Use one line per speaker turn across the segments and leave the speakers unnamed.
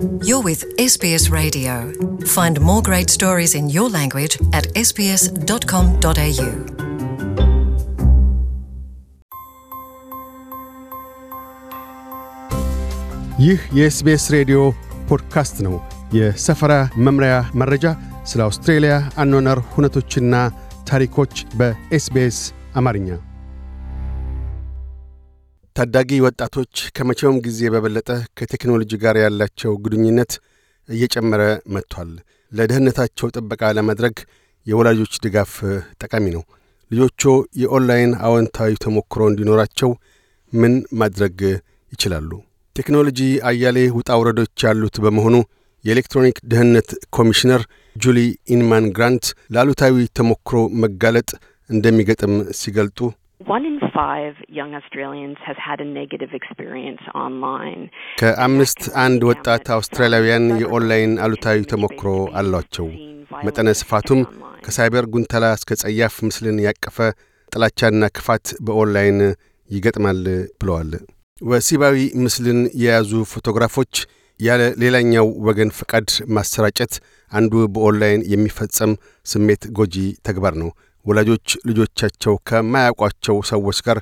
You're with SBS Radio. Find more great stories in your language at sbs.com.au. ይህ የኤስቤስ ሬዲዮ ፖድካስት ነው። የሰፈራ መምሪያ መረጃ፣ ስለ አውስትሬልያ አኗኗር ሁነቶችና ታሪኮች በኤስቤስ አማርኛ ታዳጊ ወጣቶች ከመቼውም ጊዜ በበለጠ ከቴክኖሎጂ ጋር ያላቸው ግንኙነት እየጨመረ መጥቷል። ለደህንነታቸው ጥበቃ ለማድረግ የወላጆች ድጋፍ ጠቃሚ ነው። ልጆቹ የኦንላይን አዎንታዊ ተሞክሮ እንዲኖራቸው ምን ማድረግ ይችላሉ? ቴክኖሎጂ አያሌ ውጣ ውረዶች ያሉት በመሆኑ የኤሌክትሮኒክ ደህንነት ኮሚሽነር ጁሊ ኢንማን ግራንት ለአሉታዊ ተሞክሮ መጋለጥ እንደሚገጥም ሲገልጡ one in five young Australians has had a negative experience online. ከአምስት አንድ ወጣት አውስትራሊያውያን የኦንላይን አሉታዊ ተሞክሮ አሏቸው። መጠነ ስፋቱም ከሳይበር ጉንተላ እስከ ጸያፍ ምስልን ያቀፈ ጥላቻና ክፋት በኦንላይን ይገጥማል ብለዋል። ወሲባዊ ምስልን የያዙ ፎቶግራፎች ያለ ሌላኛው ወገን ፈቃድ ማሰራጨት አንዱ በኦንላይን የሚፈጸም ስሜት ጎጂ ተግባር ነው። ወላጆች ልጆቻቸው ከማያውቋቸው ሰዎች ጋር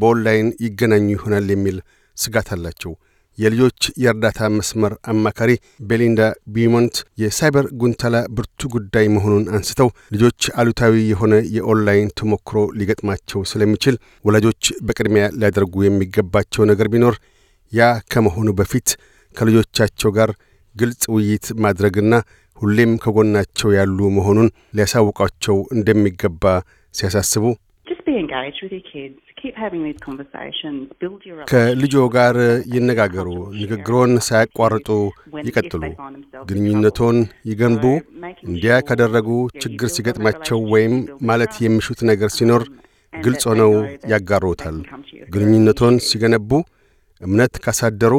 በኦንላይን ይገናኙ ይሆናል የሚል ስጋት አላቸው። የልጆች የእርዳታ መስመር አማካሪ ቤሊንዳ ቢሞንት የሳይበር ጉንተላ ብርቱ ጉዳይ መሆኑን አንስተው ልጆች አሉታዊ የሆነ የኦንላይን ተሞክሮ ሊገጥማቸው ስለሚችል ወላጆች በቅድሚያ ሊያደርጉ የሚገባቸው ነገር ቢኖር ያ ከመሆኑ በፊት ከልጆቻቸው ጋር ግልጽ ውይይት ማድረግና ሁሌም ከጎናቸው ያሉ መሆኑን ሊያሳውቋቸው እንደሚገባ ሲያሳስቡ ከልጆ ጋር ይነጋገሩ፣ ንግግሮን ሳያቋርጡ ይቀጥሉ፣ ግንኙነቶን ይገንቡ። እንዲያ ካደረጉ ችግር ሲገጥማቸው ወይም ማለት የሚሹት ነገር ሲኖር ግልጽ ሆነው ያጋሩታል። ግንኙነቶን ሲገነቡ፣ እምነት ካሳደሩ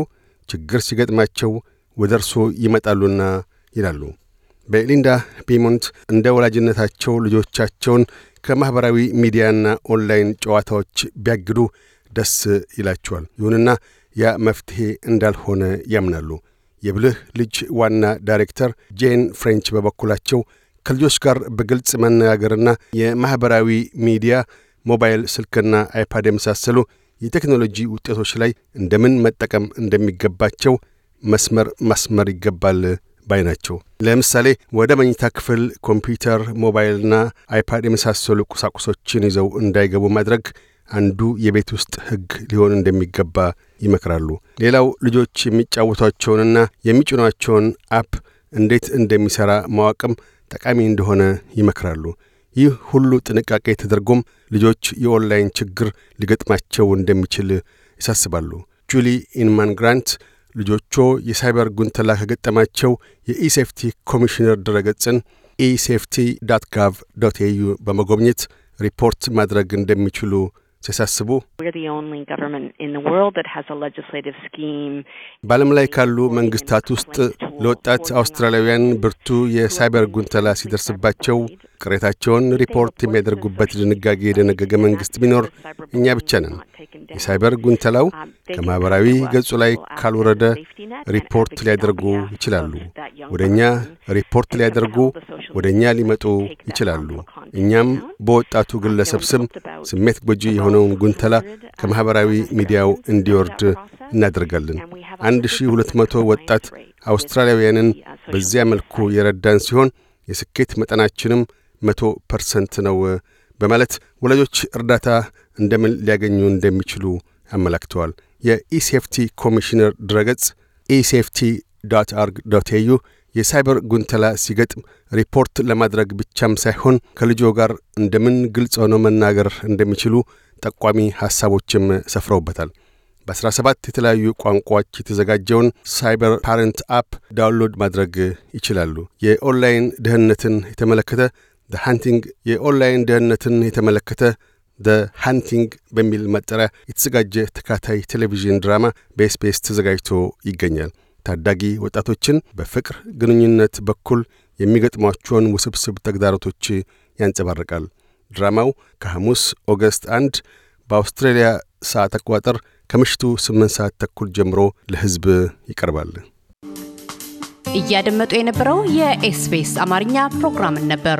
ችግር ሲገጥማቸው ወደ እርሶ ይመጣሉና ይላሉ። በሊንዳ ቢሞንት እንደ ወላጅነታቸው ልጆቻቸውን ከማኅበራዊ ሚዲያና ኦንላይን ጨዋታዎች ቢያግዱ ደስ ይላቸዋል። ይሁንና ያ መፍትሔ እንዳልሆነ ያምናሉ። የብልህ ልጅ ዋና ዳይሬክተር ጄን ፍሬንች በበኩላቸው ከልጆች ጋር በግልጽ መነጋገርና የማኅበራዊ ሚዲያ ሞባይል ስልክና አይፓድ የመሳሰሉ የቴክኖሎጂ ውጤቶች ላይ እንደምን መጠቀም እንደሚገባቸው መስመር ማስመር ይገባል ባይ ናቸው። ለምሳሌ ወደ መኝታ ክፍል ኮምፒውተር፣ ሞባይልና አይፓድ የመሳሰሉ ቁሳቁሶችን ይዘው እንዳይገቡ ማድረግ አንዱ የቤት ውስጥ ሕግ ሊሆን እንደሚገባ ይመክራሉ። ሌላው ልጆች የሚጫወቷቸውንና የሚጭኗቸውን አፕ እንዴት እንደሚሠራ ማወቅም ጠቃሚ እንደሆነ ይመክራሉ። ይህ ሁሉ ጥንቃቄ ተደርጎም ልጆች የኦንላይን ችግር ሊገጥማቸው እንደሚችል ያሳስባሉ። ጁሊ ኢንማን ግራንት ልጆቹ የሳይበር ጉንተላ ከገጠማቸው የኢሴፍቲ ኮሚሽነር ድረገጽን ኢሴፍቲ ዳት ጋቭ ዶት ኤዩ በመጎብኘት ሪፖርት ማድረግ እንደሚችሉ ሲያሳስቡ በዓለም ላይ ካሉ መንግስታት ውስጥ ለወጣት አውስትራሊያውያን ብርቱ የሳይበር ጉንተላ ሲደርስባቸው ቅሬታቸውን ሪፖርት የሚያደርጉበት ድንጋጌ የደነገገ መንግሥት ቢኖር እኛ ብቻ ነን። የሳይበር ጉንተላው ከማኅበራዊ ገጹ ላይ ካልወረደ ሪፖርት ሊያደርጉ ይችላሉ። ወደ እኛ ሪፖርት ሊያደርጉ ወደ እኛ ሊመጡ ይችላሉ። እኛም በወጣቱ ግለሰብ ስም ስሜት ጎጂ የሆነውን ጉንተላ ከማኅበራዊ ሚዲያው እንዲወርድ እናደርጋለን። 1200 ወጣት አውስትራሊያውያንን በዚያ መልኩ የረዳን ሲሆን የስኬት መጠናችንም መቶ ፐርሰንት ነው በማለት ወላጆች እርዳታ እንደምን ሊያገኙ እንደሚችሉ አመላክተዋል። የኢሴፍቲ ኮሚሽነር ድረገጽ ኢሴፍቲ ዶት አርግ ዶት ኤዩ የሳይበር ጉንተላ ሲገጥም ሪፖርት ለማድረግ ብቻም ሳይሆን ከልጆ ጋር እንደምን ግልጽ ሆነው መናገር እንደሚችሉ ጠቋሚ ሐሳቦችም ሰፍረውበታል። በ17 የተለያዩ ቋንቋዎች የተዘጋጀውን ሳይበር ፓረንት አፕ ዳውንሎድ ማድረግ ይችላሉ። የኦንላይን ደህንነትን የተመለከተ ደ ሃንቲንግ የኦንላይን ደህንነትን የተመለከተ ደ ሃንቲንግ በሚል መጠሪያ የተዘጋጀ ተካታይ ቴሌቪዥን ድራማ በኤስፔስ ተዘጋጅቶ ይገኛል። ታዳጊ ወጣቶችን በፍቅር ግንኙነት በኩል የሚገጥሟቸውን ውስብስብ ተግዳሮቶች ያንጸባርቃል። ድራማው ከሐሙስ ኦገስት አንድ በአውስትራሊያ ሰዓት አቆጣጠር ከምሽቱ 8 ሰዓት ተኩል ጀምሮ ለሕዝብ ይቀርባል። እያደመጡ የነበረው የኤስፔስ አማርኛ ፕሮግራምን ነበር።